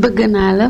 bëgg naa la